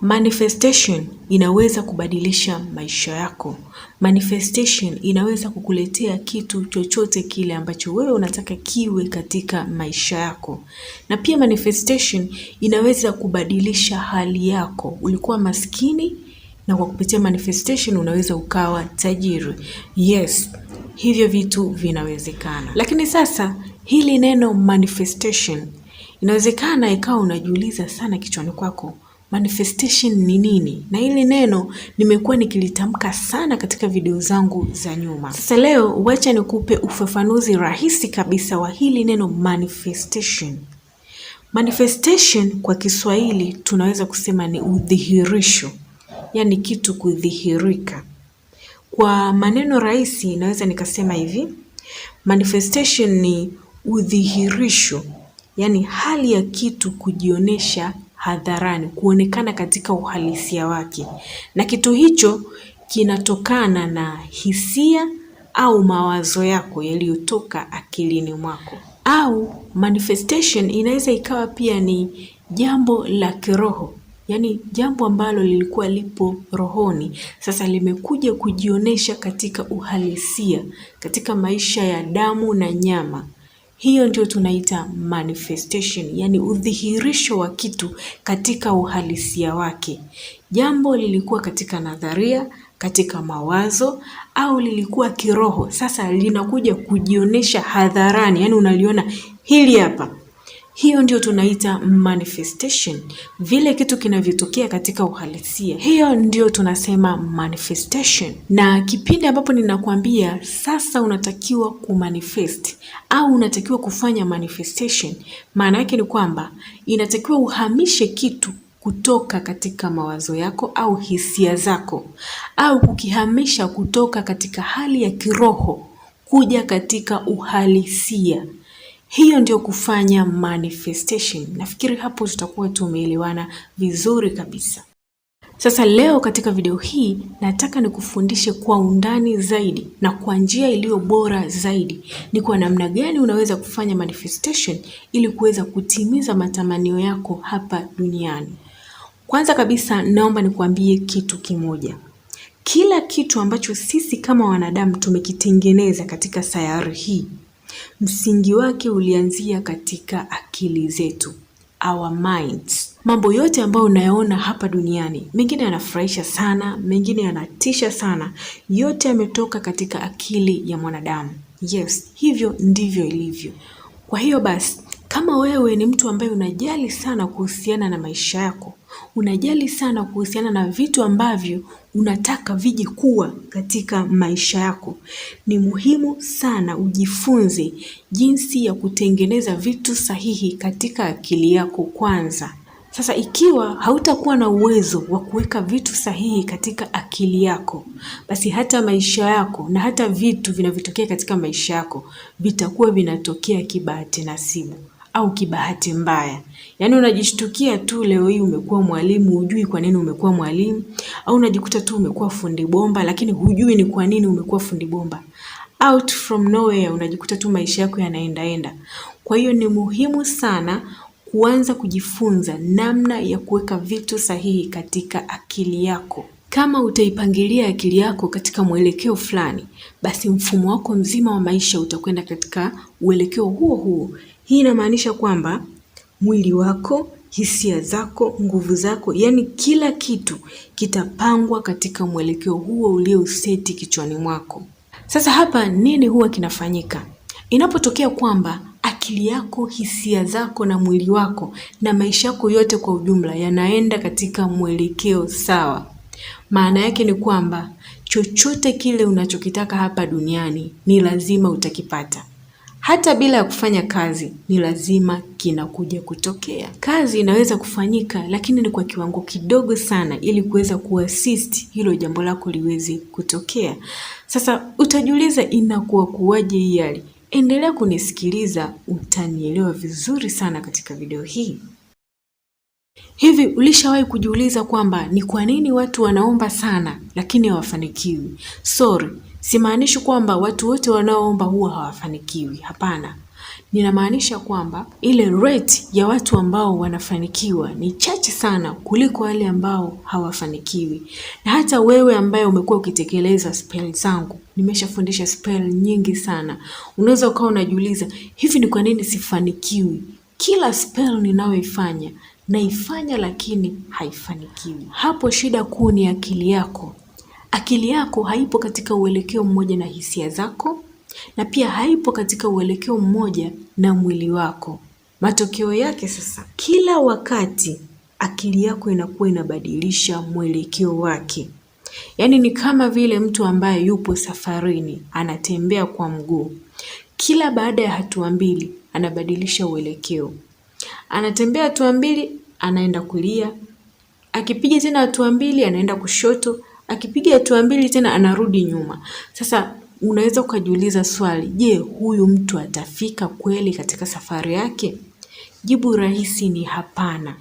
Manifestation inaweza kubadilisha maisha yako. Manifestation inaweza kukuletea kitu chochote kile ambacho wewe unataka kiwe katika maisha yako, na pia manifestation inaweza kubadilisha hali yako. Ulikuwa maskini na kwa kupitia manifestation unaweza ukawa tajiri. Yes, hivyo vitu vinawezekana. Lakini sasa hili neno manifestation inawezekana ikawa unajiuliza sana kichwani kwako manifestation ni nini, na hili neno nimekuwa nikilitamka sana katika video zangu za nyuma. Sasa leo wacha nikupe ufafanuzi rahisi kabisa wa hili neno manifestation. Manifestation kwa Kiswahili tunaweza kusema ni udhihirisho, yaani kitu kudhihirika. Kwa maneno rahisi naweza nikasema hivi, manifestation ni udhihirisho, yaani hali ya kitu kujionyesha hadharani, kuonekana katika uhalisia wake, na kitu hicho kinatokana na hisia au mawazo yako yaliyotoka akilini mwako. Au manifestation inaweza ikawa pia ni jambo la kiroho, yaani jambo ambalo lilikuwa lipo rohoni, sasa limekuja kujionyesha katika uhalisia, katika maisha ya damu na nyama. Hiyo ndio tunaita manifestation, yani udhihirisho wa kitu katika uhalisia wake. Jambo lilikuwa katika nadharia, katika mawazo au lilikuwa kiroho, sasa linakuja kujionyesha hadharani, yani unaliona hili hapa hiyo ndio tunaita manifestation, vile kitu kinavyotokea katika uhalisia, hiyo ndio tunasema manifestation. Na kipindi ambapo ninakwambia sasa unatakiwa kumanifest au unatakiwa kufanya manifestation, maana yake ni kwamba inatakiwa uhamishe kitu kutoka katika mawazo yako au hisia zako au kukihamisha kutoka katika hali ya kiroho kuja katika uhalisia. Hiyo ndio kufanya manifestation. Nafikiri hapo tutakuwa tumeelewana vizuri kabisa. Sasa leo katika video hii nataka nikufundishe kwa undani zaidi na kwa njia iliyo bora zaidi, ni kwa namna gani unaweza kufanya manifestation ili kuweza kutimiza matamanio yako hapa duniani. Kwanza kabisa, naomba nikuambie kitu kimoja. Kila kitu ambacho sisi kama wanadamu tumekitengeneza katika sayari hii Msingi wake ulianzia katika akili zetu our minds. Mambo yote ambayo unayaona hapa duniani, mengine yanafurahisha sana, mengine yanatisha sana, yote yametoka katika akili ya mwanadamu. Yes, hivyo ndivyo ilivyo. Kwa hiyo basi, kama wewe ni mtu ambaye unajali sana kuhusiana na maisha yako, Unajali sana kuhusiana na vitu ambavyo unataka viji kuwa katika maisha yako. Ni muhimu sana ujifunze jinsi ya kutengeneza vitu sahihi katika akili yako kwanza. Sasa ikiwa hautakuwa na uwezo wa kuweka vitu sahihi katika akili yako, basi hata maisha yako na hata vitu vinavyotokea katika maisha yako vitakuwa vinatokea kibahati nasibu au kibahati mbaya. Yaani unajishtukia tu leo hii umekuwa mwalimu, hujui kwa nini umekuwa mwalimu, au unajikuta tu umekuwa fundi bomba, lakini hujui ni kwa nini umekuwa fundi bomba. Out from nowhere unajikuta tu maisha yako yanaendaenda. Kwa hiyo ni muhimu sana kuanza kujifunza namna ya kuweka vitu sahihi katika akili yako. Kama utaipangilia akili yako katika mwelekeo fulani, basi mfumo wako mzima wa maisha utakwenda katika uelekeo huo huo, hii inamaanisha kwamba mwili wako, hisia zako, nguvu zako, yani kila kitu kitapangwa katika mwelekeo huo uliouseti kichwani mwako. Sasa hapa nini huwa kinafanyika? Inapotokea kwamba akili yako, hisia zako na mwili wako na maisha yako yote kwa ujumla yanaenda katika mwelekeo sawa, maana yake ni kwamba chochote kile unachokitaka hapa duniani ni lazima utakipata hata bila ya kufanya kazi, ni lazima kinakuja kutokea. Kazi inaweza kufanyika, lakini ni kwa kiwango kidogo sana, ili kuweza kuasist hilo jambo lako liweze kutokea. Sasa utajiuliza inakuwa kuwaje hii Endelea kunisikiliza, utanielewa vizuri sana katika video hii. Hivi ulishawahi kujiuliza kwamba ni kwa nini watu wanaomba sana lakini hawafanikiwi? Sorry, Simaanishi kwamba watu wote wanaoomba huwa hawafanikiwi, hapana. Ninamaanisha kwamba ile rate ya watu ambao wanafanikiwa ni chache sana kuliko wale ambao hawafanikiwi. Na hata wewe ambaye umekuwa ukitekeleza spell zangu, nimeshafundisha spell nyingi sana, unaweza ukawa unajiuliza hivi, ni kwa nini sifanikiwi? Kila spell ninayoifanya naifanya, lakini haifanikiwi. Hapo shida kuu ni akili yako. Akili yako haipo katika uelekeo mmoja na hisia zako, na pia haipo katika uelekeo mmoja na mwili wako. Matokeo yake sasa, kila wakati akili yako inakuwa inabadilisha mwelekeo wake. Yaani ni kama vile mtu ambaye yupo safarini anatembea kwa mguu, kila baada ya hatua mbili anabadilisha uelekeo. Anatembea hatua mbili, anaenda kulia, akipiga tena hatua mbili, anaenda kushoto, Akipiga hatua mbili tena anarudi nyuma. Sasa unaweza ukajiuliza swali, je, huyu mtu atafika kweli katika safari yake? Jibu rahisi ni hapana.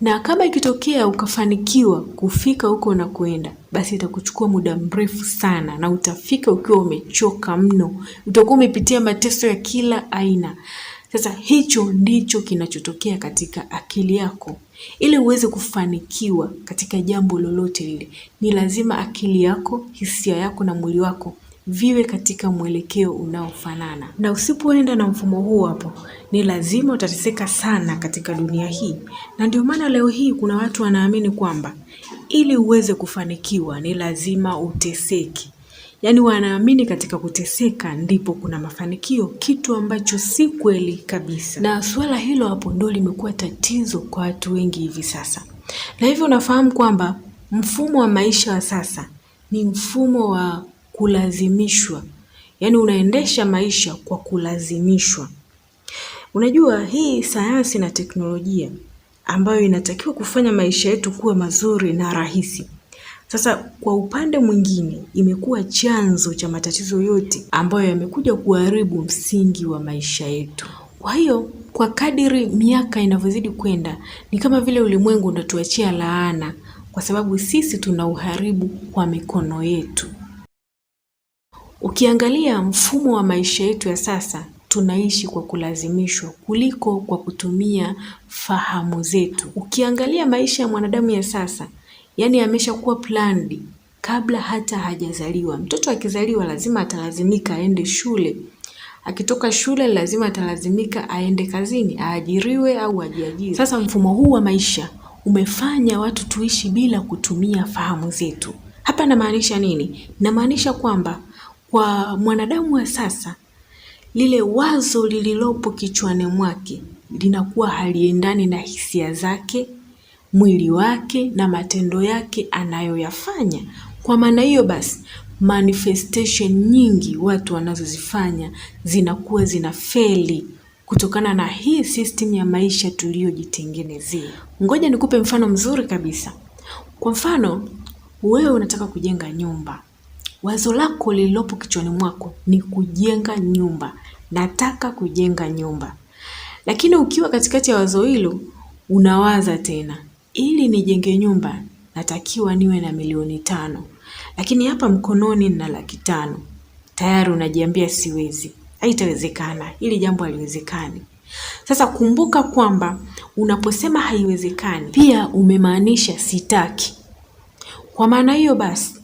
Na kama ikitokea ukafanikiwa kufika huko kuenda basi itakuchukua muda mrefu sana na utafika ukiwa umechoka mno. Utakuwa umepitia mateso ya kila aina. Sasa hicho ndicho kinachotokea katika akili yako. Ili uweze kufanikiwa katika jambo lolote lile, ni lazima akili yako, hisia yako na mwili wako viwe katika mwelekeo unaofanana, na usipoenda na mfumo huu hapo, ni lazima utateseka sana katika dunia hii. Na ndio maana leo hii kuna watu wanaamini kwamba ili uweze kufanikiwa ni lazima uteseke yaani wanaamini katika kuteseka ndipo kuna mafanikio, kitu ambacho si kweli kabisa, na suala hilo hapo ndo limekuwa tatizo kwa watu wengi hivi sasa. Na hivyo unafahamu kwamba mfumo wa maisha wa sasa ni mfumo wa kulazimishwa, yaani unaendesha maisha kwa kulazimishwa. Unajua, hii sayansi na teknolojia ambayo inatakiwa kufanya maisha yetu kuwa mazuri na rahisi sasa kwa upande mwingine, imekuwa chanzo cha matatizo yote ambayo yamekuja kuharibu msingi wa maisha yetu. Kwa hiyo kwa kadiri miaka inavyozidi kwenda, ni kama vile ulimwengu unatuachia laana, kwa sababu sisi tuna uharibu kwa mikono yetu. Ukiangalia mfumo wa maisha yetu ya sasa, tunaishi kwa kulazimishwa kuliko kwa kutumia fahamu zetu. Ukiangalia maisha ya mwanadamu ya sasa, yaani ameshakuwa planned kabla hata hajazaliwa. Mtoto akizaliwa lazima atalazimika aende shule, akitoka shule lazima atalazimika aende kazini, aajiriwe au ajiajiri. Sasa mfumo huu wa maisha umefanya watu tuishi bila kutumia fahamu zetu. Hapa namaanisha nini? Namaanisha kwamba kwa mwanadamu wa sasa lile wazo lililopo kichwani mwake linakuwa haliendani na hisia zake mwili wake na matendo yake anayoyafanya. Kwa maana hiyo basi, manifestation nyingi watu wanazozifanya zinakuwa zina feli kutokana na hii system ya maisha tuliyojitengenezea. Ngoja nikupe mfano mzuri kabisa. Kwa mfano, wewe unataka kujenga nyumba, wazo lako lililopo kichwani mwako ni kujenga nyumba, nataka kujenga nyumba. Lakini ukiwa katikati ya wazo hilo, unawaza tena, ili nijenge nyumba natakiwa niwe na milioni tano, lakini hapa mkononi nina laki tano. Tayari unajiambia siwezi, haitawezekana, hili jambo haliwezekani. Sasa kumbuka kwamba unaposema haiwezekani, pia umemaanisha sitaki. Kwa maana hiyo basi,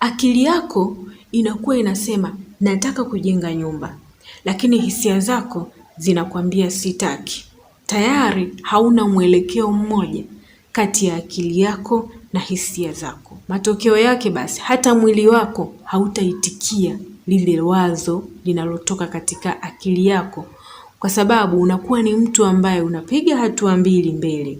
akili yako inakuwa inasema nataka kujenga nyumba, lakini hisia zako zinakwambia sitaki. Tayari hauna mwelekeo mmoja kati ya akili yako na hisia zako. Matokeo yake basi, hata mwili wako hautaitikia lile wazo linalotoka katika akili yako, kwa sababu unakuwa ni mtu ambaye unapiga hatua mbili mbele,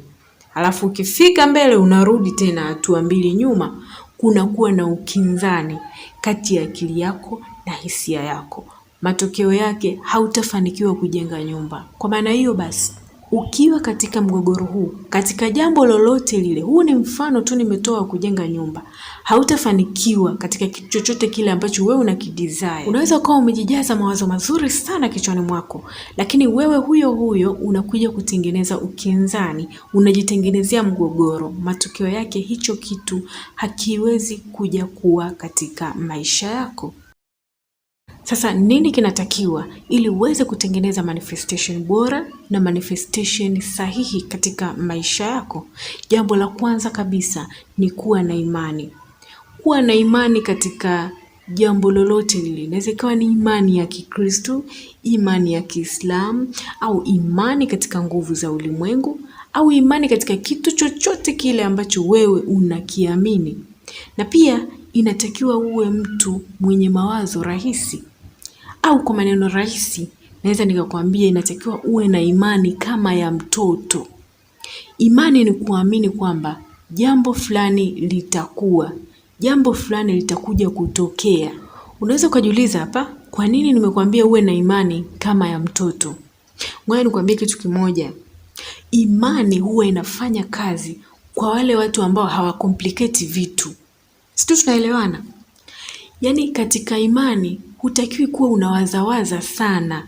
alafu ukifika mbele unarudi tena hatua mbili nyuma. Kunakuwa na ukinzani kati ya akili yako na hisia yako. Matokeo yake hautafanikiwa kujenga nyumba. Kwa maana hiyo basi ukiwa katika mgogoro huu, katika jambo lolote lile, huu ni mfano tu nimetoa wa kujenga nyumba, hautafanikiwa katika kitu chochote kile ambacho wewe una kidesire. Unaweza ukawa umejijaza mawazo mazuri sana kichwani mwako, lakini wewe huyo huyo unakuja kutengeneza ukinzani, unajitengenezea mgogoro. Matokeo yake hicho kitu hakiwezi kuja kuwa katika maisha yako. Sasa nini kinatakiwa ili uweze kutengeneza manifestation bora na manifestation sahihi katika maisha yako? Jambo la kwanza kabisa ni kuwa na imani. Kuwa na imani katika jambo lolote lile, inaweza ikawa ni imani ya Kikristo, imani ya Kiislamu, au imani katika nguvu za ulimwengu, au imani katika kitu chochote kile ambacho wewe unakiamini. Na pia inatakiwa uwe mtu mwenye mawazo rahisi au kwa maneno rahisi naweza nikakwambia inatakiwa uwe na imani kama ya mtoto. Imani ni kuamini kwamba jambo fulani litakuwa, jambo fulani litakuja kutokea. Unaweza ukajiuliza hapa, kwa nini nimekwambia uwe na imani kama ya mtoto? Ngoja nikwambie kitu kimoja, imani huwa inafanya kazi kwa wale watu ambao hawakompliketi vitu, situ tunaelewana? Yaani katika imani hutakiwi kuwa unawazawaza sana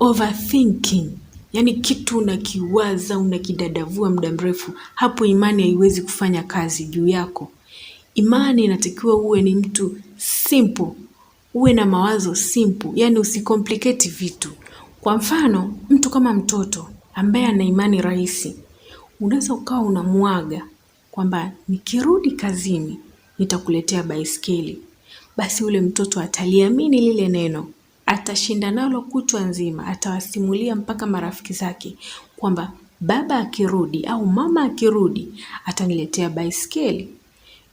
overthinking yaani kitu unakiwaza unakidadavua muda mrefu hapo imani haiwezi kufanya kazi juu yako imani inatakiwa uwe ni mtu simple uwe na mawazo simple yaani usikompliketi vitu kwa mfano mtu kama mtoto ambaye ana imani rahisi unaweza ukawa unamwaga kwamba nikirudi kazini nitakuletea baiskeli basi ule mtoto ataliamini lile neno, atashinda nalo kutwa nzima, atawasimulia mpaka marafiki zake kwamba baba akirudi au mama akirudi ataniletea baiskeli.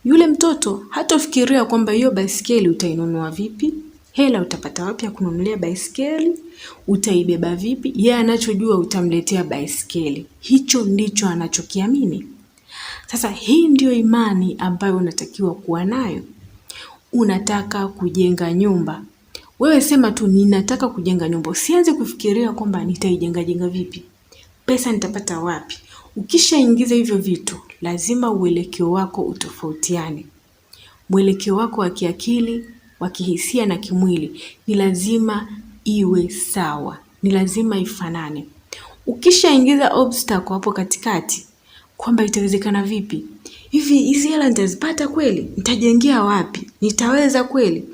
Yule mtoto hatofikiria kwamba hiyo baiskeli utainunua vipi, hela utapata wapi ya kununulia baiskeli, utaibeba vipi. Yeye anachojua utamletea baiskeli, hicho ndicho anachokiamini. Sasa hii ndiyo imani ambayo unatakiwa kuwa nayo unataka kujenga nyumba, wewe sema tu ninataka kujenga nyumba. Usianze kufikiria kwamba nitaijenga jenga vipi, pesa nitapata wapi. Ukishaingiza hivyo vitu, lazima uelekeo wako utofautiane. Mwelekeo wako wa kiakili, wa kihisia na kimwili ni lazima iwe sawa, ni lazima ifanane. Ukishaingiza obstacle hapo katikati kwamba itawezekana vipi, hivi hizi hela nitazipata kweli? Nitajengea wapi? Nitaweza kweli?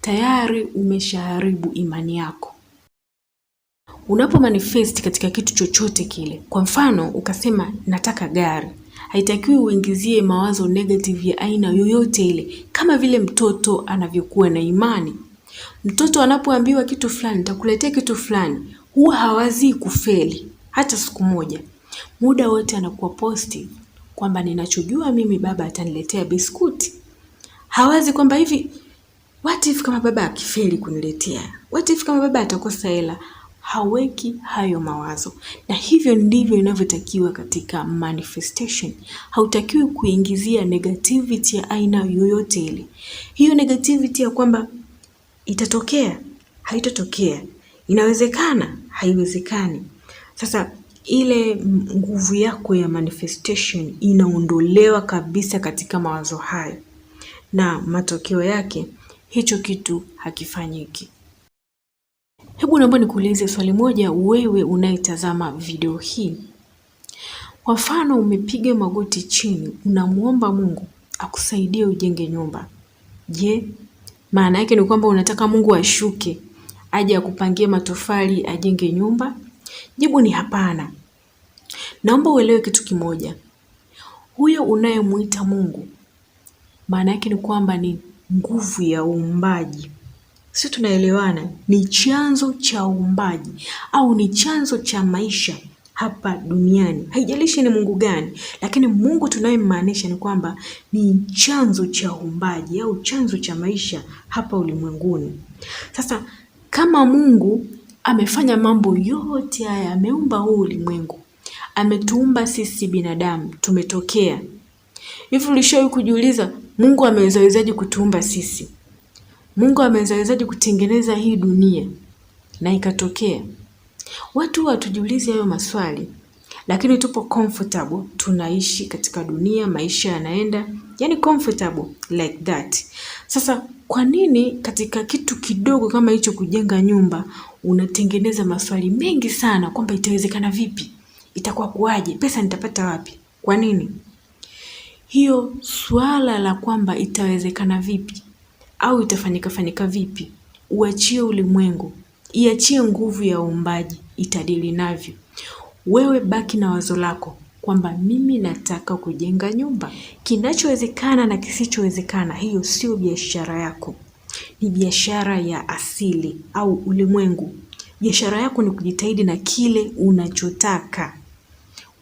Tayari umeshaharibu imani yako. Unapo manifest katika kitu chochote kile, kwa mfano ukasema nataka gari, haitakiwi uingizie mawazo negative ya aina yoyote ile, kama vile mtoto anavyokuwa na imani. Mtoto anapoambiwa kitu fulani, nitakuletea kitu fulani, huwa hawazii kufeli hata siku moja, muda wote anakuwa positive kwamba ninachojua mimi baba ataniletea biskuti. Hawazi kwamba hivi what if kama baba akifeli kuniletea? What if kama baba atakosa hela? Haweki hayo mawazo, na hivyo ndivyo inavyotakiwa katika manifestation. Hautakiwi kuingizia negativity ya aina yoyote ile. Hiyo negativity ya kwamba itatokea, haitatokea, inawezekana, haiwezekani. Sasa ile nguvu yako ya manifestation inaondolewa kabisa katika mawazo hayo, na matokeo yake hicho kitu hakifanyiki. Hebu naomba nikuulize swali moja, wewe unayetazama video hii. Kwa mfano, umepiga magoti chini, unamwomba Mungu akusaidie ujenge nyumba. Je, maana yake ni kwamba unataka Mungu ashuke aje akupangie matofali ajenge nyumba? Jibu ni hapana. Naomba uelewe kitu kimoja, huyo unayemuita Mungu maana yake ni kwamba ni nguvu ya uumbaji. Sisi tunaelewana, ni chanzo cha uumbaji au ni chanzo cha maisha hapa duniani, haijalishi ni Mungu gani, lakini Mungu tunayemmaanisha ni kwamba ni chanzo cha uumbaji au chanzo cha maisha hapa ulimwenguni. Sasa kama Mungu amefanya mambo yote haya, ameumba huu ulimwengu, ametuumba sisi binadamu, tumetokea hivi. Ulishawahi kujiuliza Mungu amewezawezaje kutuumba sisi? Mungu amewezawezaje kutengeneza hii dunia na ikatokea? Watu hawatujiulizi hayo maswali, lakini tupo comfortable, tunaishi katika dunia, maisha yanaenda yani comfortable like that. Sasa kwa nini katika kitu kidogo kama hicho kujenga nyumba unatengeneza maswali mengi sana kwamba itawezekana vipi? Itakuwa kuwaje? Pesa nitapata wapi? Kwa nini? Hiyo swala la kwamba itawezekana vipi au itafanyika fanyika vipi, uachie ulimwengu, iachie nguvu ya uumbaji itadili navyo. Wewe baki na wazo lako, kwamba mimi nataka kujenga nyumba. Kinachowezekana na kisichowezekana, hiyo sio biashara yako, ni biashara ya asili au ulimwengu. Biashara yako ni kujitahidi na kile unachotaka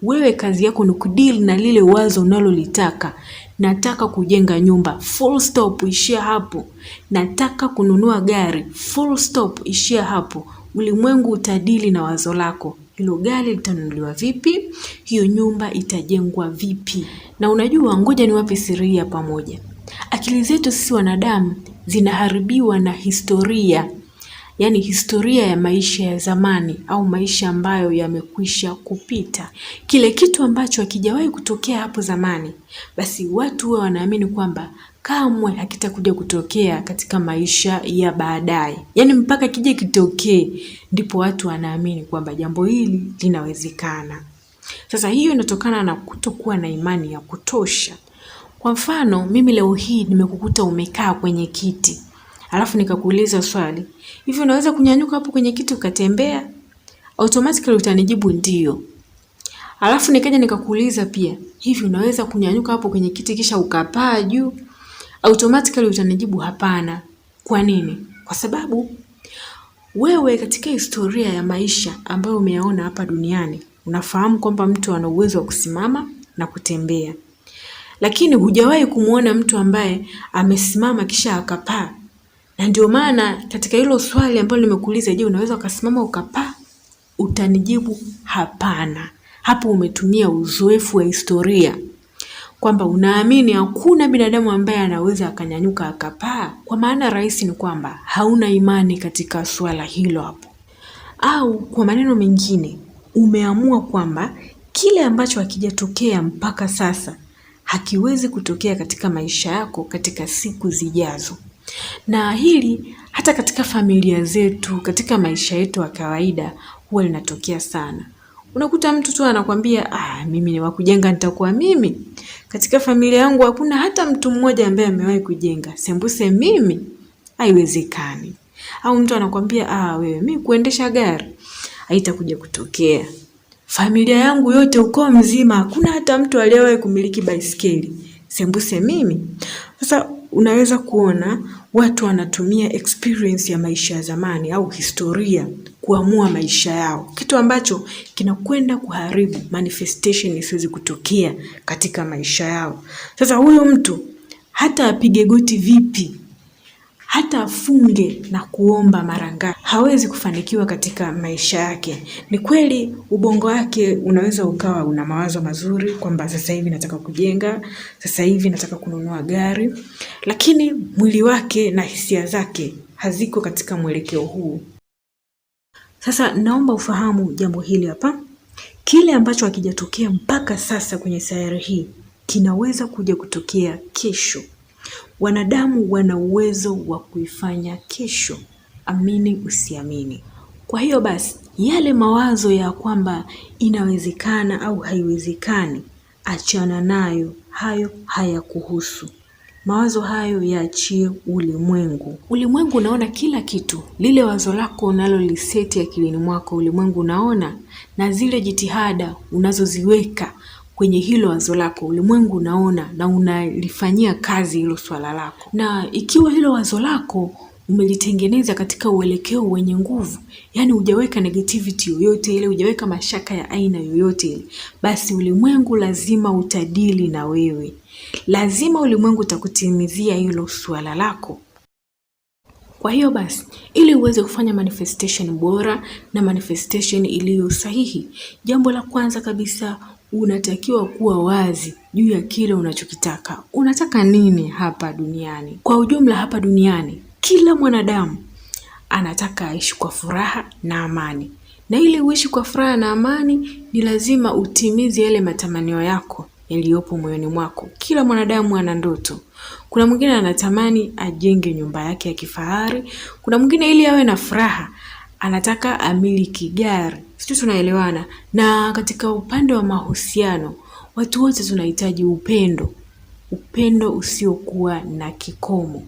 wewe. Kazi yako ni kudili na lile wazo unalolitaka. Nataka kujenga nyumba, full stop, ishia hapo. Nataka kununua gari, full stop, ishia hapo. Ulimwengu utadili na wazo lako hilo gari litanunuliwa vipi, hiyo nyumba itajengwa vipi. Na unajua, ngoja niwape siri ya pamoja, akili zetu sisi wanadamu zinaharibiwa na historia, yaani historia ya maisha ya zamani au maisha ambayo yamekwisha kupita. Kile kitu ambacho hakijawahi kutokea hapo zamani, basi watu huwa wanaamini kwamba kamwe hakitakuja kutokea katika maisha ya baadaye, yaani mpaka kije kitokee ndipo watu wanaamini kwamba jambo hili linawezekana. Sasa hiyo inatokana na kutokuwa na imani ya kutosha. Kwa mfano, mimi leo hii nimekukuta umekaa kwenye kiti alafu nikakuuliza swali, hivi unaweza kunyanyuka hapo kwenye kiti ukatembea? Automatically utanijibu ndio. Alafu nikaja nikakuuliza pia, hivi unaweza kunyanyuka hapo kwenye kiti kisha ukapaa juu? automatically utanijibu hapana. Kwa nini? Kwa sababu wewe katika historia ya maisha ambayo umeyaona hapa duniani unafahamu kwamba mtu ana uwezo wa kusimama na kutembea, lakini hujawahi kumwona mtu ambaye amesimama kisha akapaa. Na ndio maana katika hilo swali ambalo nimekuuliza, je, unaweza ukasimama ukapaa, utanijibu hapana. Hapo umetumia uzoefu wa historia kwamba unaamini hakuna binadamu ambaye anaweza akanyanyuka akapaa. Kwa maana rahisi ni kwamba hauna imani katika suala hilo hapo, au kwa maneno mengine umeamua kwamba kile ambacho hakijatokea mpaka sasa hakiwezi kutokea katika maisha yako katika siku zijazo. Na hili hata katika familia zetu, katika maisha yetu ya kawaida huwa linatokea sana. Unakuta mtu tu anakwambia ah, mimi ni wakujenga nitakuwa mimi katika familia yangu hakuna hata mtu mmoja ambaye amewahi kujenga, sembuse mimi, haiwezekani. Au mtu anakwambia ah, wewe mi kuendesha gari haitakuja kutokea. Familia yangu yote, ukoo mzima, hakuna hata mtu aliyewahi kumiliki baisikeli, sembuse mimi. Sasa unaweza kuona watu wanatumia experience ya maisha ya zamani au historia kuamua maisha yao, kitu ambacho kinakwenda kuharibu manifestation isiwezi kutokea katika maisha yao. Sasa huyo mtu hata apige goti vipi, hata afunge na kuomba mara ngapi, hawezi kufanikiwa katika maisha yake. Ni kweli ubongo wake unaweza ukawa una mawazo mazuri kwamba sasa hivi nataka kujenga, sasa hivi nataka kununua gari, lakini mwili wake na hisia zake haziko katika mwelekeo huu. Sasa naomba ufahamu jambo hili hapa, kile ambacho hakijatokea mpaka sasa kwenye sayari hii kinaweza kuja kutokea kesho. Wanadamu wana uwezo wa kuifanya kesho, amini usiamini. Kwa hiyo basi, yale mawazo ya kwamba inawezekana au haiwezekani, achana nayo, hayo hayakuhusu. Mawazo hayo yaachie ulimwengu. Ulimwengu unaona kila kitu, lile wazo lako unaloliseti akilini mwako, ulimwengu unaona, na zile jitihada unazoziweka kwenye hilo wazo lako, ulimwengu unaona na unalifanyia kazi hilo swala lako, na ikiwa hilo wazo lako umelitengeneza katika uelekeo wenye nguvu, yaani hujaweka negativity yoyote ile, hujaweka mashaka ya aina yoyote ile, basi ulimwengu lazima utadili na wewe, lazima ulimwengu utakutimizia hilo suala lako. Kwa hiyo basi, ili uweze kufanya manifestation bora na manifestation iliyo sahihi, jambo la kwanza kabisa unatakiwa kuwa wazi juu ya kile unachokitaka. Unataka nini hapa duniani? Kwa ujumla hapa duniani kila mwanadamu anataka aishi kwa furaha na amani, na ili uishi kwa furaha na amani ni lazima utimize yale matamanio yako yaliyopo moyoni mwako. Kila mwanadamu ana ndoto. Kuna mwingine anatamani ajenge nyumba yake ya kifahari, kuna mwingine ili awe na furaha anataka amiliki gari. Sisi tunaelewana. Na katika upande wa mahusiano, watu wote tunahitaji upendo, upendo usiokuwa na kikomo.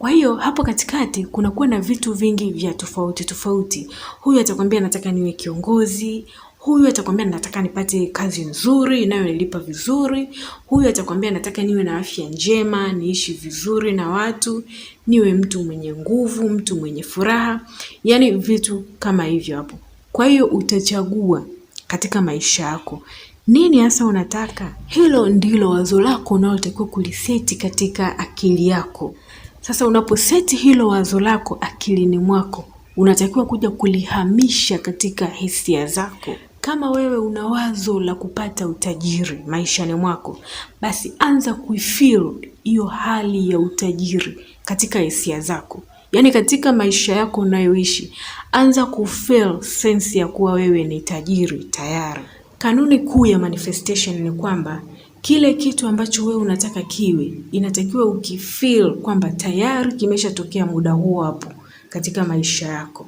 Kwa hiyo hapo katikati kunakuwa na vitu vingi vya tofauti tofauti. Huyu atakwambia nataka niwe kiongozi, huyu atakwambia nataka nipate kazi nzuri inayonilipa vizuri, huyu atakwambia nataka niwe na afya njema, niishi vizuri na watu, niwe mtu mwenye nguvu, mtu mwenye furaha, yaani vitu kama hivyo hapo. Kwa hiyo utachagua katika maisha yako nini hasa unataka. Hilo ndilo wazo lako unalotakiwa kuliseti katika akili yako. Sasa unaposeti hilo wazo lako akilini mwako, unatakiwa kuja kulihamisha katika hisia zako. Kama wewe una wazo la kupata utajiri maishani mwako, basi anza kuifeel hiyo hali ya utajiri katika hisia zako, yaani katika maisha yako unayoishi, anza kufeel sense ya kuwa wewe ni tajiri tayari. Kanuni kuu ya manifestation ni kwamba kile kitu ambacho wewe unataka kiwe, inatakiwa ukifeel kwamba tayari kimeshatokea muda huo hapo katika maisha yako.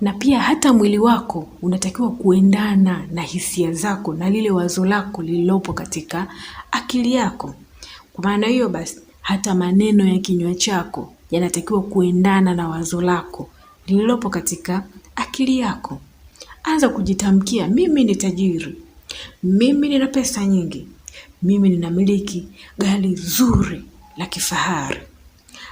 Na pia hata mwili wako unatakiwa kuendana na hisia zako na lile wazo lako lililopo katika akili yako. Kwa maana hiyo basi, hata maneno ya kinywa chako yanatakiwa kuendana na wazo lako lililopo katika akili yako. Anza kujitamkia, mimi ni tajiri. Mimi nina pesa nyingi, mimi ninamiliki gari zuri la kifahari.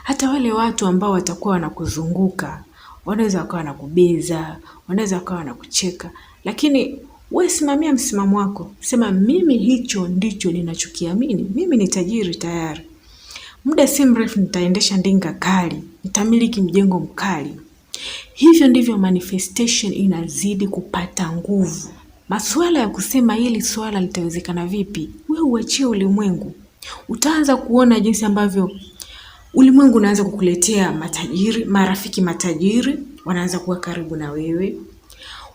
Hata wale watu ambao watakuwa wanakuzunguka wanaweza wakawa wanakubeza, wanaweza wakawa wanakucheka, lakini we simamia msimamo wako, sema mimi hicho ndicho ninachokiamini, mimi ni tajiri tayari. Muda si mrefu nitaendesha ndinga kali, nitamiliki mjengo mkali. Hivyo ndivyo manifestation inazidi kupata nguvu. Masuala ya kusema hili swala litawezekana vipi, we uachie ulimwengu. Utaanza kuona jinsi ambavyo ulimwengu unaanza kukuletea matajiri, marafiki matajiri wanaanza kuwa karibu na wewe,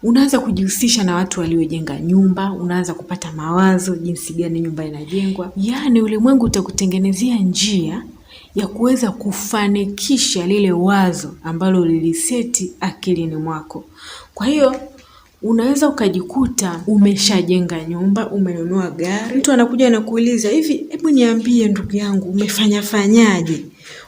unaanza kujihusisha na watu waliojenga nyumba, unaanza kupata mawazo jinsi gani nyumba inajengwa. Yaani ulimwengu utakutengenezea njia ya kuweza kufanikisha lile wazo ambalo liliseti akilini mwako. Kwa hiyo unaweza ukajikuta umeshajenga nyumba, umenunua gari, mtu anakuja anakuuliza hivi, hebu niambie ndugu yangu, umefanya fanyaje,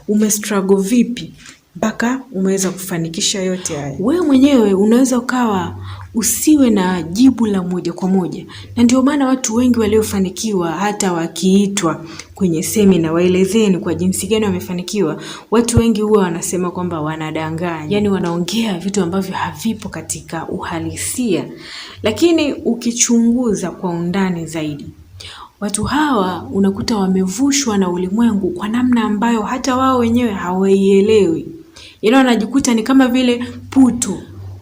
umestruggle vipi mpaka umeweza kufanikisha yote haya. Wewe mwenyewe unaweza ukawa usiwe na jibu la moja kwa moja, na ndio maana watu wengi waliofanikiwa hata wakiitwa kwenye semina waelezeni kwa jinsi gani wamefanikiwa, watu wengi huwa wanasema kwamba wanadanganya, yani wanaongea vitu ambavyo havipo katika uhalisia. Lakini ukichunguza kwa undani zaidi watu hawa unakuta wamevushwa na ulimwengu kwa namna ambayo hata wao wenyewe hawaielewi, yani wanajikuta ni kama vile puto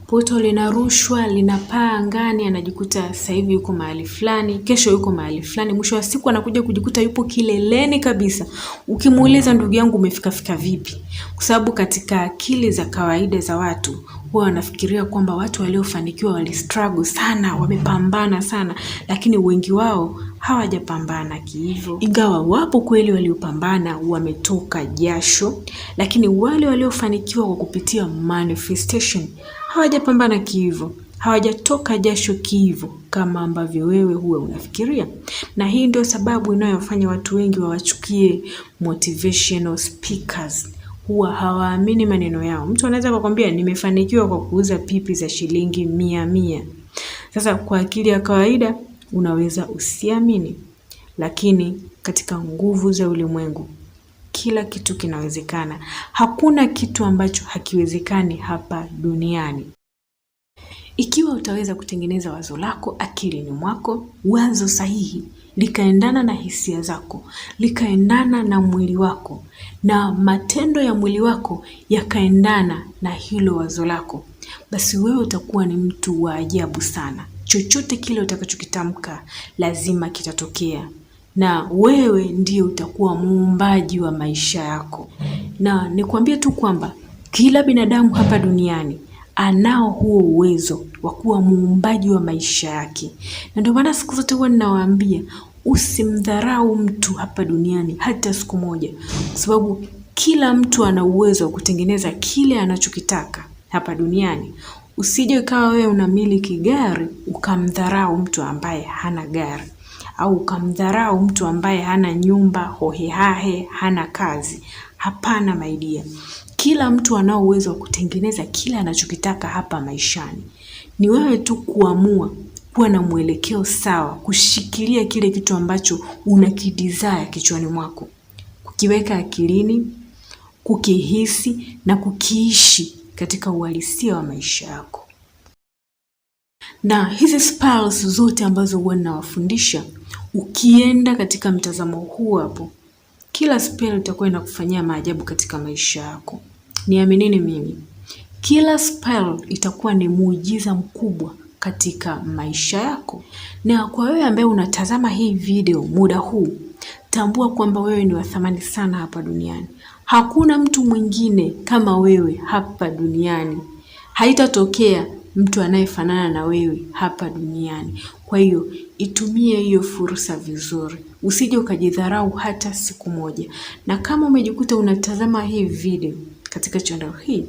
poto linarushwa linapaa angani, anajikuta sasa hivi yuko mahali fulani, kesho yuko mahali fulani, mwisho wa siku anakuja kujikuta yupo kileleni kabisa. Ukimuuliza ndugu yangu, umefikafika vipi? Kwa sababu katika akili za kawaida za watu huwa wanafikiria kwamba watu waliofanikiwa walistruggle sana, wamepambana sana, lakini wengi wao hawajapambana kihivyo, ingawa wapo kweli waliopambana, wametoka jasho, lakini wale waliofanikiwa kwa kupitia manifestation hawajapambana kiivo, hawajatoka jasho kiivo kama ambavyo wewe huwe unafikiria. Na hii ndio sababu inayofanya watu wengi wawachukie motivational speakers huwa hawaamini maneno yao. Mtu anaweza kukwambia nimefanikiwa kwa kuuza pipi za shilingi mia mia. Sasa kwa akili ya kawaida unaweza usiamini, lakini katika nguvu za ulimwengu kila kitu kinawezekana. Hakuna kitu ambacho hakiwezekani hapa duniani. Ikiwa utaweza kutengeneza wazo lako akilini mwako, wazo sahihi likaendana na hisia zako, likaendana na mwili wako, na matendo ya mwili wako yakaendana na hilo wazo lako, basi wewe utakuwa ni mtu wa ajabu sana. Chochote kile utakachokitamka lazima kitatokea na wewe ndiye utakuwa muumbaji wa maisha yako. Na nikwambie tu kwamba kila binadamu hapa duniani anao huo uwezo wa kuwa muumbaji wa maisha yake, na ndio maana siku zote huwa ninawaambia usimdharau mtu hapa duniani hata siku moja, kwa sababu kila mtu ana uwezo wa kutengeneza kile anachokitaka hapa duniani. Usije ukawa wewe unamiliki gari ukamdharau mtu ambaye hana gari au ukamdharau mtu ambaye hana nyumba hohehahe hana kazi hapana my dear kila mtu anao uwezo wa kutengeneza kile anachokitaka hapa maishani ni wewe tu kuamua kuwa na mwelekeo sawa kushikilia kile kitu ambacho unakidesire kichwani mwako kukiweka akilini kukihisi na kukiishi katika uhalisia wa maisha yako na hizi spells zote ambazo huwa ninawafundisha, ukienda katika mtazamo huu hapo, kila spell itakuwa inakufanyia maajabu katika maisha yako. Niaminini mimi, kila spell itakuwa ni muujiza mkubwa katika maisha yako. Na kwa wewe ambaye unatazama hii video muda huu, tambua kwamba wewe ni wa thamani sana hapa duniani. Hakuna mtu mwingine kama wewe hapa duniani. Haitatokea mtu anayefanana na wewe hapa duniani. Kwa hiyo itumie hiyo fursa vizuri, usije ukajidharau hata siku moja. Na kama umejikuta unatazama hii video katika channel hii,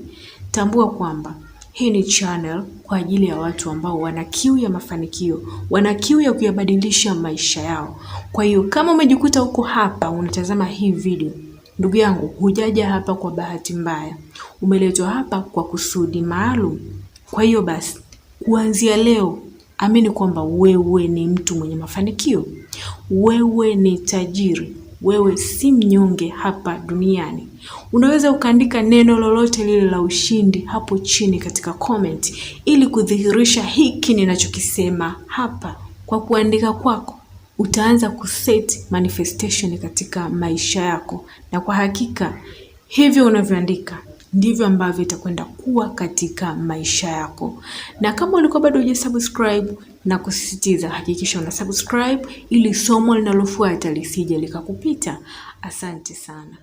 tambua kwamba hii ni channel kwa ajili ya watu ambao wana kiu ya mafanikio, wana kiu ya kuyabadilisha maisha yao. Kwa hiyo kama umejikuta uko hapa unatazama hii video, ndugu yangu, hujaja hapa kwa bahati mbaya, umeletwa hapa kwa kusudi maalum. Kwa hiyo basi, kuanzia leo amini kwamba wewe ni mtu mwenye mafanikio, wewe ni tajiri, wewe si mnyonge hapa duniani. Unaweza ukaandika neno lolote lile la ushindi hapo chini katika comment, ili kudhihirisha hiki ninachokisema hapa. Kwa kuandika kwako utaanza kuset manifestation katika maisha yako, na kwa hakika hivyo unavyoandika ndivyo ambavyo itakwenda kuwa katika maisha yako. Na kama ulikuwa bado hujasubscribe, na kusisitiza hakikisha una subscribe ili somo linalofuata lisije likakupita. Asante sana.